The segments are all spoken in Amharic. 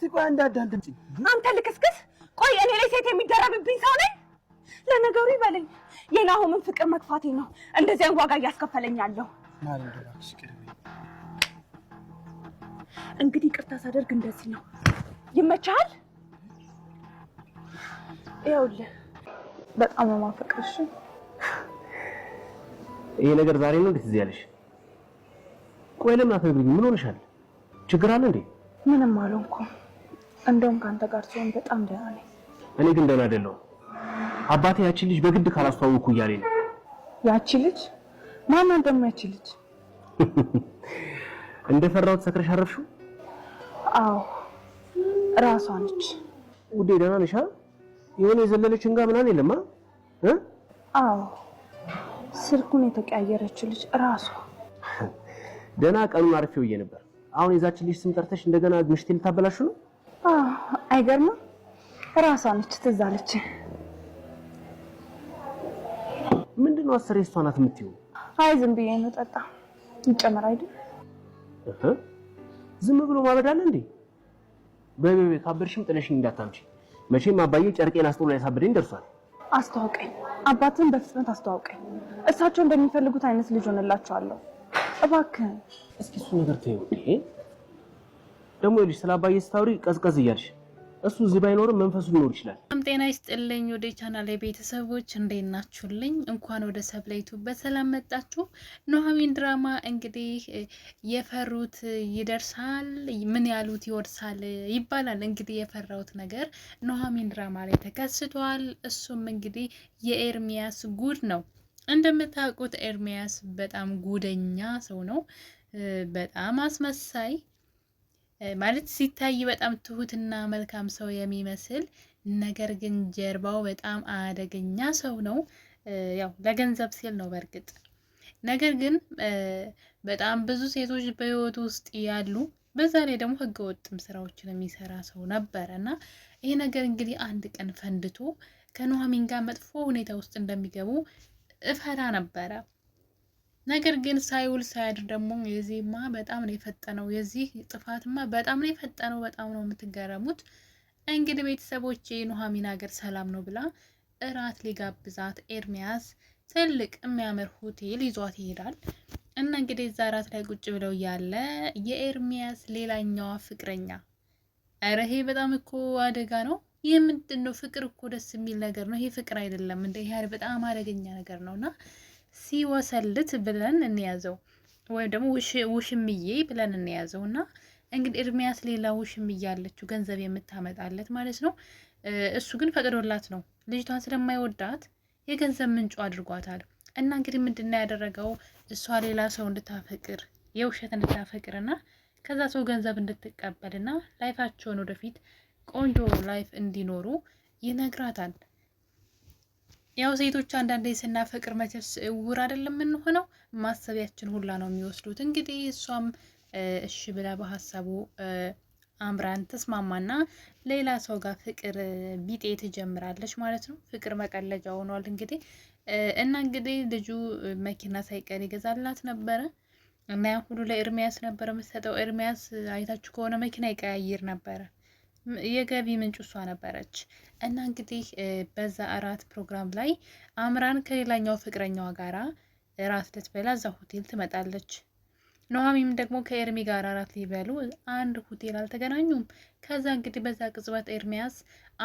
እስቲ ቆይ አንድ አንድ እንዳዳንድ አንተ ልክስክስ ቆይ እኔ ላይ ሴት የሚደረብብኝ ሰው ነኝ? ለነገሩ ይበለኝ የናሆምን ፍቅር መግፋቴ ነው እንደዚያን ዋጋ እያስከፈለኝ ያለው። እንግዲህ ቅርታ ሳደርግ እንደዚህ ነው። ይመችሃል? ይኸውልህ በጣም ማፈቅርሽ። ይሄ ነገር ዛሬ ነው እንዴት እዚህ ያለሽ? ቆይ ለምን አትነግሪኝ? ምን ሆነሻል? ችግር አለ እንዴ? ምንም አልሆንኩም። እንደውም ከአንተ ጋር ሲሆን በጣም ደህና ነኝ። እኔ ግን ደህና አይደለሁም። አባቴ ያቺ ልጅ በግድ ካላስተዋወቅኩ እያለ ነው። ያቺ ልጅ ማን? አንተም ያቺ ልጅ እንደፈራሁት ሰክረሽ አረፍሽው? አዎ ራሷ ነች። ውዴ ደህና ነሽ? የሆነ የዘለለች እንጋ ምናምን የለም? አዎ ስልኩን የተቀያየረችው ልጅ ራሷ። ደህና ቀኑን አርፌ ውዬ ነበር። አሁን የዛችን ልጅ ስም ጠርተሽ እንደገና ምሽቴ ልታበላሹ ነው? አይገርምም? እራሷ ነች ትዝ አለች። ምንድን ነው አስሬ እሷ ናት የምትይው? አይ ዝም ብዬ ነው። ጠጣ ይጨመር አይደል? ዝም ብሎ ማበድ አለ እንዴ? በቤቤ ካበድሽም ጥለሽኝ እንዳታምጪ። መቼም አባዬ ጨርቄን አስጥሎ ላይ ደርሷል። አስተዋውቀኝ፣ አባትን በፍጥነት አስተዋውቀኝ። እሳቸው እንደሚፈልጉት አይነት ልጅ ሆነላቸዋለሁ። እባክህ እስኪ እሱ ነገር ተይው። ደግሞ ይልሽ ስለ አባዬ ስታውሪ ቀዝቀዝ እያልሽ እሱ እዚህ ባይኖርም መንፈሱ ሊኖር ይችላል። በጣም ጤና ይስጥልኝ ወደ ቻናል ቤተሰቦች እንዴት ናችሁልኝ? እንኳን ወደ ሰብለይቱ በሰላም መጣችሁ። ኑሐሚን ድራማ እንግዲህ የፈሩት ይደርሳል፣ ምን ያሉት ይወርሳል ይባላል። እንግዲህ የፈራሁት ነገር ኑሐሚን ድራማ ላይ ተከስቷል። እሱም እንግዲህ የኤርሚያስ ጉድ ነው። እንደምታውቁት ኤርሚያስ በጣም ጉደኛ ሰው ነው። በጣም አስመሳይ ማለት ሲታይ በጣም ትሁትና መልካም ሰው የሚመስል ነገር ግን ጀርባው በጣም አደገኛ ሰው ነው። ያው ለገንዘብ ሲል ነው በእርግጥ ነገር ግን በጣም ብዙ ሴቶች በህይወቱ ውስጥ ያሉ በዛ ላይ ደግሞ ወጥም ስራዎችን የሚሰራ ሰው ነበረ እና ይሄ ነገር እንግዲህ አንድ ቀን ፈንድቶ ከኑሐሚን ጋር መጥፎ ሁኔታ ውስጥ እንደሚገቡ እፈራ ነበረ። ነገር ግን ሳይውል ሳያድር ደግሞ የዚህማ በጣም ነው የፈጠነው። የዚህ ጥፋትማ በጣም ነው የፈጠነው። በጣም ነው የምትገረሙት። እንግዲህ ቤተሰቦች ኑሐሚን ሀገር ሰላም ነው ብላ እራት ሊጋብዛት ኤርሚያስ ትልቅ የሚያምር ሆቴል ይዟት ይሄዳል እና እንግዲህ እዛ እራት ላይ ቁጭ ብለው ያለ የኤርሚያስ ሌላኛዋ ፍቅረኛ፣ እረ ይሄ በጣም እኮ አደጋ ነው። ይህ ምንድን ነው? ፍቅር እኮ ደስ የሚል ነገር ነው። ይሄ ፍቅር አይደለም እንደ ይህ በጣም አደገኛ ነገር ነው እና ሲወሰልት ብለን እንያዘው ወይም ደግሞ ውሽምዬ ብለን እንያዘው እና እንግዲህ ኤርሚያስ ሌላ ውሽም እያለችው ገንዘብ የምታመጣለት ማለት ነው። እሱ ግን ፈቅዶላት ነው ልጅቷን ስለማይወዳት የገንዘብ ምንጩ አድርጓታል። እና እንግዲህ ምንድን ነው ያደረገው? እሷ ሌላ ሰው እንድታፈቅር የውሸት እንድታፈቅር ከዛ ሰው ገንዘብ እንድትቀበል ላይፋቸውን ወደፊት ቆንጆ ላይፍ እንዲኖሩ ይነግራታል። ያው ሴቶች አንዳንዴ ስናፈቅር መቼስ እውር አይደለም የምንሆነው፣ ማሰቢያችን ሁላ ነው የሚወስዱት። እንግዲህ እሷም እሺ ብላ በሀሳቡ አምራን ተስማማና ሌላ ሰው ጋር ፍቅር ቢጤ ትጀምራለች ማለት ነው። ፍቅር መቀለጃ ሆኗል እንግዲህ እና እንግዲህ ልጁ መኪና ሳይቀር ይገዛላት ነበረ እና ሁሉ ለኤርሚያስ ነበረ የምትሰጠው። ኤርሚያስ አይታችሁ ከሆነ መኪና ይቀያይር ነበረ የገቢ ምንጭ እሷ ነበረች እና እንግዲህ በዛ እራት ፕሮግራም ላይ አምራን ከሌላኛው ፍቅረኛዋ ጋራ እራት ልትበላ እዛ ሆቴል ትመጣለች። ኑሐሚንም ደግሞ ከኤርሚ ጋር እራት ሊበሉ አንድ ሆቴል አልተገናኙም። ከዛ እንግዲህ በዛ ቅጽበት ኤርሚያስ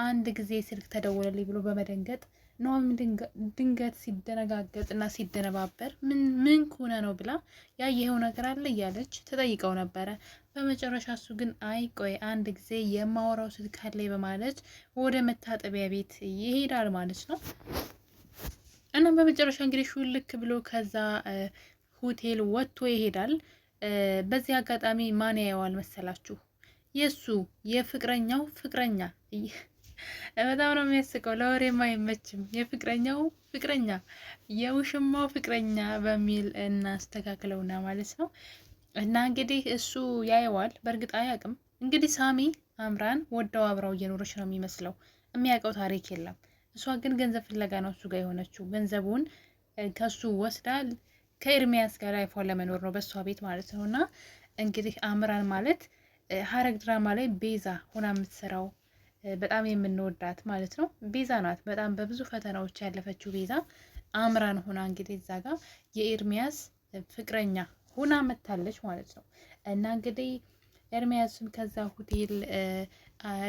አንድ ጊዜ ስልክ ተደወለልኝ ብሎ በመደንገጥ ኑሐሚን ድንገት ሲደነጋገጥ እና ሲደነባበር ምን ምን ከሆነ ነው ብላ ያየኸው ነገር አለ እያለች ተጠይቀው ነበረ። በመጨረሻ እሱ ግን አይ ቆይ አንድ ጊዜ የማወራው ስልክ አለኝ በማለት ወደ መታጠቢያ ቤት ይሄዳል ማለት ነው። እናም በመጨረሻ እንግዲህ ሹልክ ብሎ ከዛ ሆቴል ወጥቶ ይሄዳል። በዚህ አጋጣሚ ማን ያየዋል መሰላችሁ? የእሱ የፍቅረኛው ፍቅረኛ። በጣም ነው የሚያስቀው። ለወሬም አይመችም። የፍቅረኛው ፍቅረኛ የውሽማው ፍቅረኛ በሚል እናስተካክለውና ማለት ነው እና እንግዲህ እሱ ያየዋል። በእርግጥ አያውቅም። እንግዲህ ሳሚ አምራን ወዳው አብራው እየኖረች ነው የሚመስለው። የሚያውቀው ታሪክ የለም። እሷ ግን ገንዘብ ፍለጋ ነው እሱ ጋር የሆነችው። ገንዘቡን ከሱ ወስዳል ከኤርሚያስ ጋር ላይፏን ለመኖር ነው በእሷ ቤት ማለት ነው። እና እንግዲህ አምራን ማለት ሀረግ ድራማ ላይ ቤዛ ሆና የምትሰራው በጣም የምንወዳት ማለት ነው። ቤዛ ናት። በጣም በብዙ ፈተናዎች ያለፈችው ቤዛ አምራን ሆና እንግዲህ እዛ ጋር የኤርሚያስ ፍቅረኛ ሁና መታለች ማለት ነው። እና እንግዲህ ኤርሚያስም ከዛ ሆቴል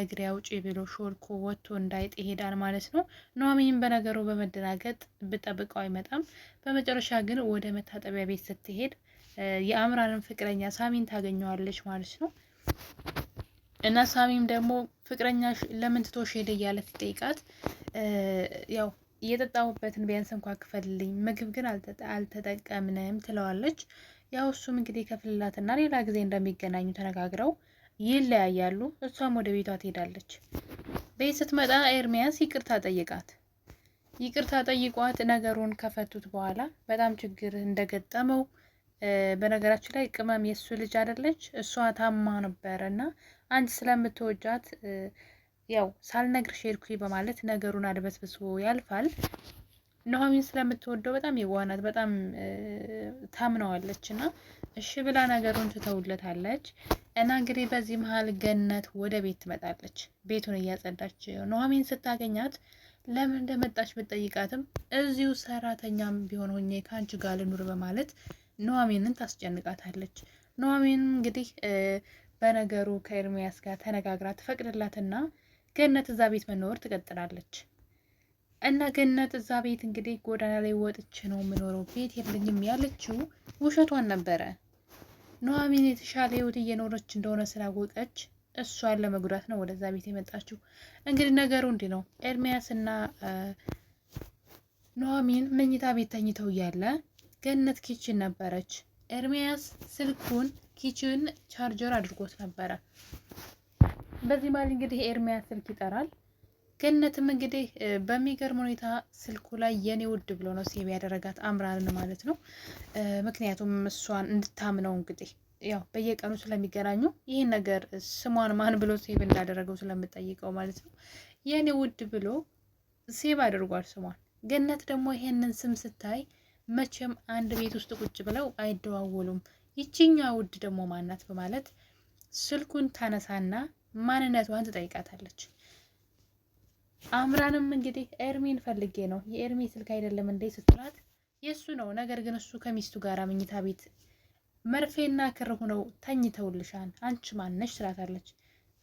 እግሬ አውጪ ብሎ ሾልኮ ወጥቶ እንዳይጥ ይሄዳል ማለት ነው። ኑሐሚንም በነገሩ በመደናገጥ ብጠብቀው አይመጣም። በመጨረሻ ግን ወደ መታጠቢያ ቤት ስትሄድ የአምራንን ፍቅረኛ ሳሚን ታገኘዋለች ማለት ነው። እና ሳሚም ደግሞ ፍቅረኛ ለምን ትቶሽ ሄደ እያለ ትጠይቃት ያው እየጠጣሁበትን ቢያንስ እንኳ ክፈልልኝ፣ ምግብ ግን አልተጠቀምንም ትለዋለች። ያው እሱም እንግዲህ ይከፍልላትና ሌላ ጊዜ እንደሚገናኙ ተነጋግረው ይለያያሉ። እሷም ወደ ቤቷ ትሄዳለች። ቤት ስትመጣ ኤርሚያስ ይቅርታ ጠይቃት ይቅርታ ጠይቋት ነገሩን ከፈቱት በኋላ በጣም ችግር እንደገጠመው በነገራችን ላይ ቅመም የእሱ ልጅ አይደለች፣ እሷ ታማ ነበረ እና አንድ ስለምትወጃት ያው ሳልነግርሽ ሄድኩ በማለት ነገሩን አድበስብሶ ያልፋል። ኑሐሚን ስለምትወደው በጣም የዋናት በጣም ታምነዋለች እና እሺ ብላ ነገሩን ትተውለታለች። እና እንግዲህ በዚህ መሀል ገነት ወደ ቤት ትመጣለች። ቤቱን እያጸዳች ኑሐሚን ስታገኛት ለምን እንደመጣች ብትጠይቃትም እዚሁ ሰራተኛም ቢሆን ሆኜ ከአንቺ ጋር ልኑር በማለት ኑሐሚንን ታስጨንቃታለች። ኑሐሚን እንግዲህ በነገሩ ከኤርሚያስ ጋር ተነጋግራ ትፈቅድላትና ገነት እዛ ቤት መኖር ትቀጥላለች። እና ገነት እዛ ቤት እንግዲህ ጎዳና ላይ ወጥቼ ነው የምኖረው፣ ቤት የለኝም ያለችው ውሸቷን ነበረ። ኑሐሚን የተሻለ ህይወት እየኖረች እንደሆነ ስላወቀች እሷን ለመጉዳት ነው ወደዛ ቤት የመጣችው። እንግዲህ ነገሩ እንዲህ ነው። ኤርሚያስ እና ኑሐሚን መኝታ ቤት ተኝተው እያለ ገነት ኪችን ነበረች። ኤርሚያስ ስልኩን ኪችን ቻርጀር አድርጎት ነበረ። በዚህ መሀል እንግዲህ ኤርሚያስ ስልክ ይጠራል። ገነትም እንግዲህ በሚገርም ሁኔታ ስልኩ ላይ የኔ ውድ ብሎ ነው ሴብ ያደረጋት አምራርን ማለት ነው። ምክንያቱም እሷን እንድታምነው እንግዲህ ያው በየቀኑ ስለሚገናኙ ይህን ነገር ስሟን ማን ብሎ ሴብ እንዳደረገው ስለምጠይቀው ማለት ነው። የኔ ውድ ብሎ ሴብ አድርጓል ስሟን። ገነት ደግሞ ይሄንን ስም ስታይ መቼም አንድ ቤት ውስጥ ቁጭ ብለው አይደዋወሉም፣ ይችኛ ውድ ደግሞ ማናት በማለት ስልኩን ታነሳና ማንነቷን ትጠይቃታለች። አምራንም እንግዲህ ኤርሚን ፈልጌ ነው የኤርሚ ስልክ አይደለም እንዴ ስትላት የእሱ ነው፣ ነገር ግን እሱ ከሚስቱ ጋር መኝታ ቤት መርፌና ክር ሆነው ተኝተውልሻል፣ አንቺ ማነሽ ትላታለች።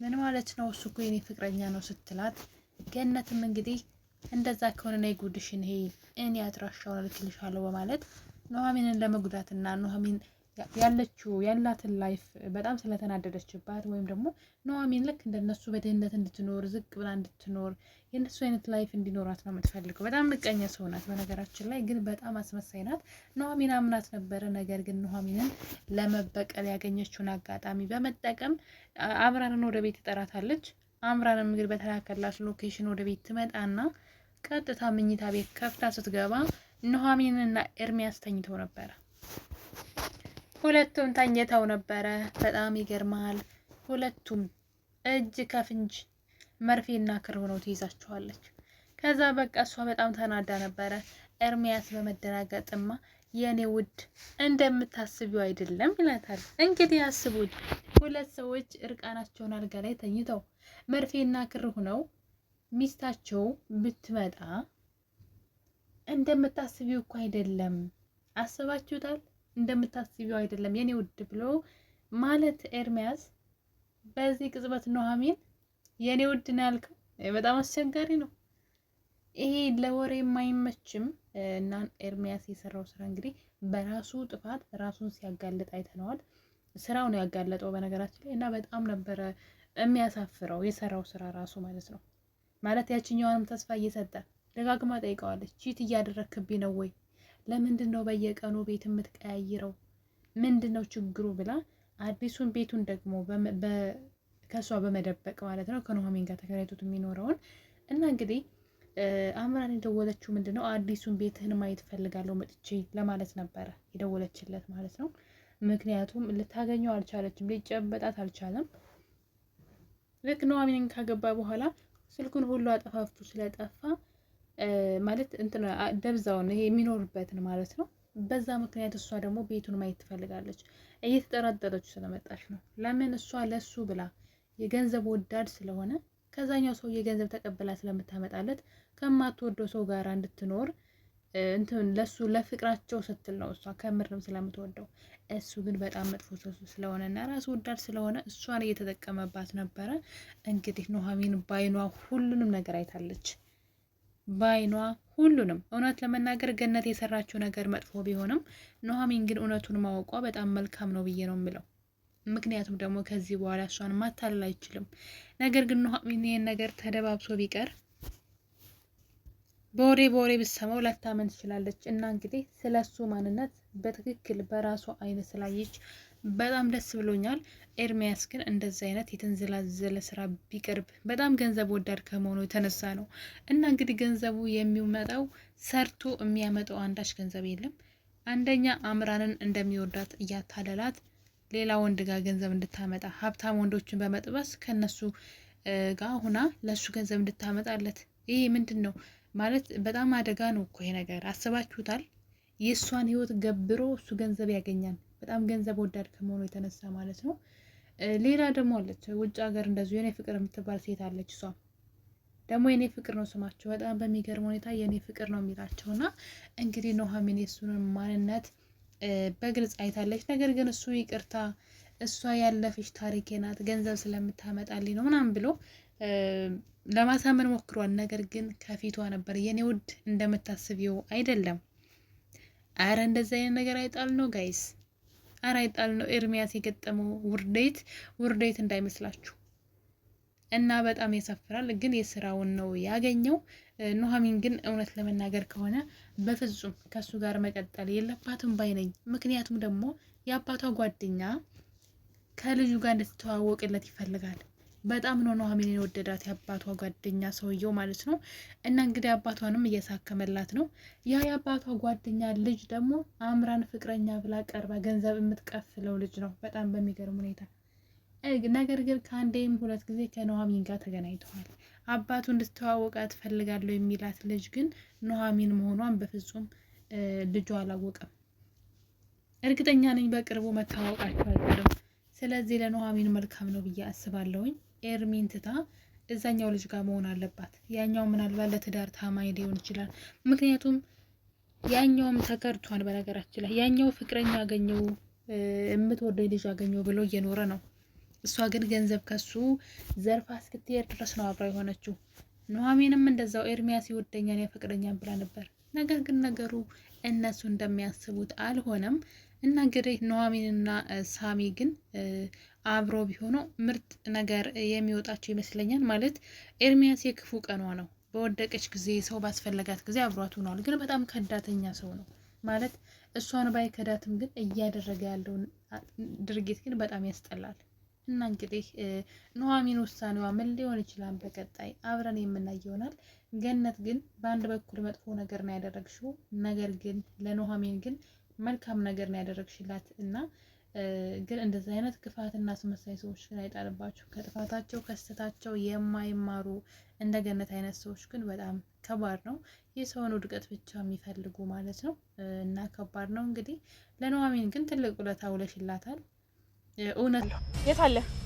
ምን ማለት ነው እሱ እኮ የኔ ፍቅረኛ ነው ስትላት፣ ገነትም እንግዲህ እንደዛ ከሆነ ነይ ጉድሽን ይሄ እኔ አድራሻውን እልክልሻለሁ በማለት ኑሐሚንን ለመጉዳትና ኑሐሚን ያለችው ያላትን ላይፍ በጣም ስለተናደደችባት ወይም ደግሞ ኑሐሚን ልክ እንደነሱ በድህነት እንድትኖር ዝቅ ብላ እንድትኖር የእነሱ አይነት ላይፍ እንዲኖራት ነው የምትፈልገው። በጣም ምቀኛ ሰው ናት። በነገራችን ላይ ግን በጣም አስመሳይ ናት። ኑሐሚን አምናት ነበረ። ነገር ግን ኑሐሚንን ለመበቀል ያገኘችውን አጋጣሚ በመጠቀም አምራንን ወደ ቤት ትጠራታለች። አምራንም እንግዲህ በተላከላት ሎኬሽን ወደ ቤት ትመጣና ቀጥታ ምኝታ ቤት ከፍታ ስትገባ ኑሐሚንና ኤርሚያስ ተኝተው ነበረ። ሁለቱም ተኝተው ነበረ። በጣም ይገርማል። ሁለቱም እጅ ከፍንጅ መርፌና ክር ሆነው ትይዛችኋለች። ከዛ በቃ እሷ በጣም ተናዳ ነበረ። ኤርሚያስ በመደናገጥማ የእኔ ውድ እንደምታስቢው አይደለም ይላታል። እንግዲህ አስቡት ሁለት ሰዎች እርቃናቸውን አልጋ ላይ ተኝተው መርፌና ክር ሆነው ሚስታቸው ብትመጣ እንደምታስቢው እኮ አይደለም። አስባችሁታል? እንደምታስቢው አይደለም የኔ ውድ ብሎ ማለት ኤርሚያስ በዚህ ቅጽበት ኑሐሚን የኔ ውድ ነው ያልከው በጣም አስቸጋሪ ነው። ይሄ ለወሬ የማይመችም እና ኤርሚያስ የሰራው ስራ እንግዲህ በራሱ ጥፋት ራሱን ሲያጋልጥ አይተነዋል። ስራው ነው ያጋለጠው በነገራችን ላይ እና በጣም ነበረ የሚያሳፍረው የሰራው ስራ ራሱ ማለት ነው። ማለት ያችኛዋንም ተስፋ እየሰጠ ደጋግማ ጠይቀዋለች። ቺት እያደረክብኝ ነው ወይ ለምንድን ነው በየቀኑ ቤት የምትቀያይረው? ምንድን ነው ችግሩ ብላ አዲሱን ቤቱን ደግሞ ከእሷ በመደበቅ ማለት ነው ከኑሐሚን ጋር ተከራይቶት የሚኖረውን እና እንግዲህ አምራን የደወለችው ምንድን ነው አዲሱን ቤትህን ማየት ፈልጋለሁ መጥቼ ለማለት ነበረ የደወለችለት ማለት ነው። ምክንያቱም ልታገኘው አልቻለችም፣ ሊጨበጣት አልቻለም። ልክ ኑሐሚንን ካገባ በኋላ ስልኩን ሁሉ አጠፋፍቱ ስለጠፋ ማለት እንትን ደብዛውን ይሄ የሚኖርበትን ማለት ነው። በዛ ምክንያት እሷ ደግሞ ቤቱን ማየት ትፈልጋለች። እየተጠራጠረች ስለመጣች ነው። ለምን እሷ ለሱ ብላ የገንዘብ ወዳድ ስለሆነ ከዛኛው ሰው የገንዘብ ተቀብላ ስለምታመጣለት ከማትወደው ሰው ጋር እንድትኖር እንትን ለሱ ለፍቅራቸው ስትል ነው። እሷ ነው ስለምትወደው እሱ ግን በጣም መጥፎ ሰው ስለሆነና ራስ ወዳድ ስለሆነ እሷን እየተጠቀመባት ነበረ። እንግዲህ ኑሐሚን ባይኗ ሁሉንም ነገር አይታለች። በአይኗ ሁሉንም እውነት ለመናገር ገነት የሰራችው ነገር መጥፎ ቢሆንም ኑሐሚን ግን እውነቱን ማወቋ በጣም መልካም ነው ብዬ ነው የምለው። ምክንያቱም ደግሞ ከዚህ በኋላ እሷን ማታለል አይችልም። ነገር ግን ኑሐሚን ይህን ነገር ተደባብሶ ቢቀር በወሬ በወሬ ብሰማው ላታመን ትችላለች እና እንግዲህ ስለ እሱ ማንነት በትክክል በራሷ አይነት ስላየች በጣም ደስ ብሎኛል። ኤርሚያስ ግን እንደዚህ አይነት የተንዘላዘለ ስራ ቢቀርብ በጣም ገንዘብ ወዳድ ከመሆኑ የተነሳ ነው እና እንግዲህ ገንዘቡ የሚመጣው ሰርቶ የሚያመጣው አንዳች ገንዘብ የለም። አንደኛ አምራንን እንደሚወዳት እያታለላት ሌላ ወንድ ጋር ገንዘብ እንድታመጣ ሀብታም ወንዶችን በመጥበስ ከነሱ ጋር ሁና ለሱ ገንዘብ እንድታመጣለት ይሄ ምንድን ነው ማለት? በጣም አደጋ ነው እኮ ይሄ ነገር አስባችሁታል? የእሷን ህይወት ገብሮ እሱ ገንዘብ ያገኛል። በጣም ገንዘብ ወዳድ ከመሆኑ የተነሳ ማለት ነው። ሌላ ደግሞ አለች ውጭ ሀገር እንደዚሁ የኔ ፍቅር የምትባል ሴት አለች። እሷ ደግሞ የኔ ፍቅር ነው ስማቸው። በጣም በሚገርም ሁኔታ የኔ ፍቅር ነው የሚላቸው እና እንግዲህ ኑሐሚን የእሱን ማንነት በግልጽ አይታለች። ነገር ግን እሱ ይቅርታ እሷ ያለፈች ታሪኬ ናት ገንዘብ ስለምታመጣልኝ ነው ምናምን ብሎ ለማሳመን ሞክሯል። ነገር ግን ከፊቷ ነበር የኔ ውድ እንደምታስቢው አይደለም። አረ እንደዚህ አይነት ነገር አይጣል ነው ጋይስ ጣል ነው ኤርሚያስ የገጠመው ውርዴት ውርዴት እንዳይመስላችሁ እና በጣም ያሳፍራል። ግን የስራውን ነው ያገኘው። ኑሐሚን ግን እውነት ለመናገር ከሆነ በፍጹም ከሱ ጋር መቀጠል የለባትም ባይነኝ። ምክንያቱም ደግሞ የአባቷ ጓደኛ ከልጁ ጋር እንድትተዋወቅለት ይፈልጋል። በጣም ነው ኑሐሚን የወደዳት የአባቷ ጓደኛ ሰውየው ማለት ነው። እና እንግዲህ አባቷንም እየሳከመላት ነው። ያ የአባቷ ጓደኛ ልጅ ደግሞ አምራን ፍቅረኛ ብላ ቀርባ ገንዘብ የምትቀፍለው ልጅ ነው በጣም በሚገርም ሁኔታ። ነገር ግን ከአንዴም ሁለት ጊዜ ከኑሐሚን ጋር ተገናኝተዋል። አባቱ እንድትተዋወቃት ትፈልጋለሁ የሚላት ልጅ ግን ኑሐሚን መሆኗን በፍጹም ልጁ አላወቀም። እርግጠኛ ነኝ በቅርቡ መታወቃቸው አይቀርም። ስለዚህ ለኑሐሚን መልካም ነው ብዬ አስባለሁኝ። ኤርሚን ትታ እዛኛው ልጅ ጋር መሆን አለባት። ያኛው ምናልባት ለትዳር ታማኝ ሊሆን ይችላል። ምክንያቱም ያኛውም ተከርቷል። በነገራችን ላይ ያኛው ፍቅረኛ አገኘው የምትወደኝ ልጅ አገኘው ብሎ እየኖረ ነው። እሷ ግን ገንዘብ ከሱ ዘርፋ እስክትሄድ ድረስ ነው አብራ የሆነችው። ኑሐሚንም እንደዛው ኤርሚያስ ይወደኛል ያፈቅረኛል ብላ ነበር። ነገር ግን ነገሩ እነሱ እንደሚያስቡት አልሆነም እና እንግዲህ ኑሐሚንና ሳሚ ግን አብሮ ቢሆኑ ምርጥ ነገር የሚወጣቸው ይመስለኛል። ማለት ኤርሚያስ የክፉ ቀኗ ነው። በወደቀች ጊዜ ሰው ባስፈለጋት ጊዜ አብሯት ሆኗል። ግን በጣም ከዳተኛ ሰው ነው ማለት እሷን ባይ ከዳትም፣ ግን እያደረገ ያለውን ድርጊት ግን በጣም ያስጠላል። እና እንግዲህ ኑሐሚን ውሳኔዋ ምን ሊሆን ይችላል በቀጣይ አብረን የምናይ ይሆናል። ገነት ግን በአንድ በኩል መጥፎ ነገር ነው ያደረግሽው፣ ነገር ግን ለኑሐሚን ግን መልካም ነገር ነው ያደረግሽላት እና ግን እንደዚህ አይነት ክፋትና አስመሳይ ሰዎች ግን አይጣልባችሁ። ከጥፋታቸው ከስተታቸው የማይማሩ እንደ ገነት አይነት ሰዎች ግን በጣም ከባድ ነው። የሰውን ውድቀት ብቻ የሚፈልጉ ማለት ነው እና ከባድ ነው እንግዲህ። ለኑሐሚን ግን ትልቅ ውለታ ውለሽላታል። እውነት ነው።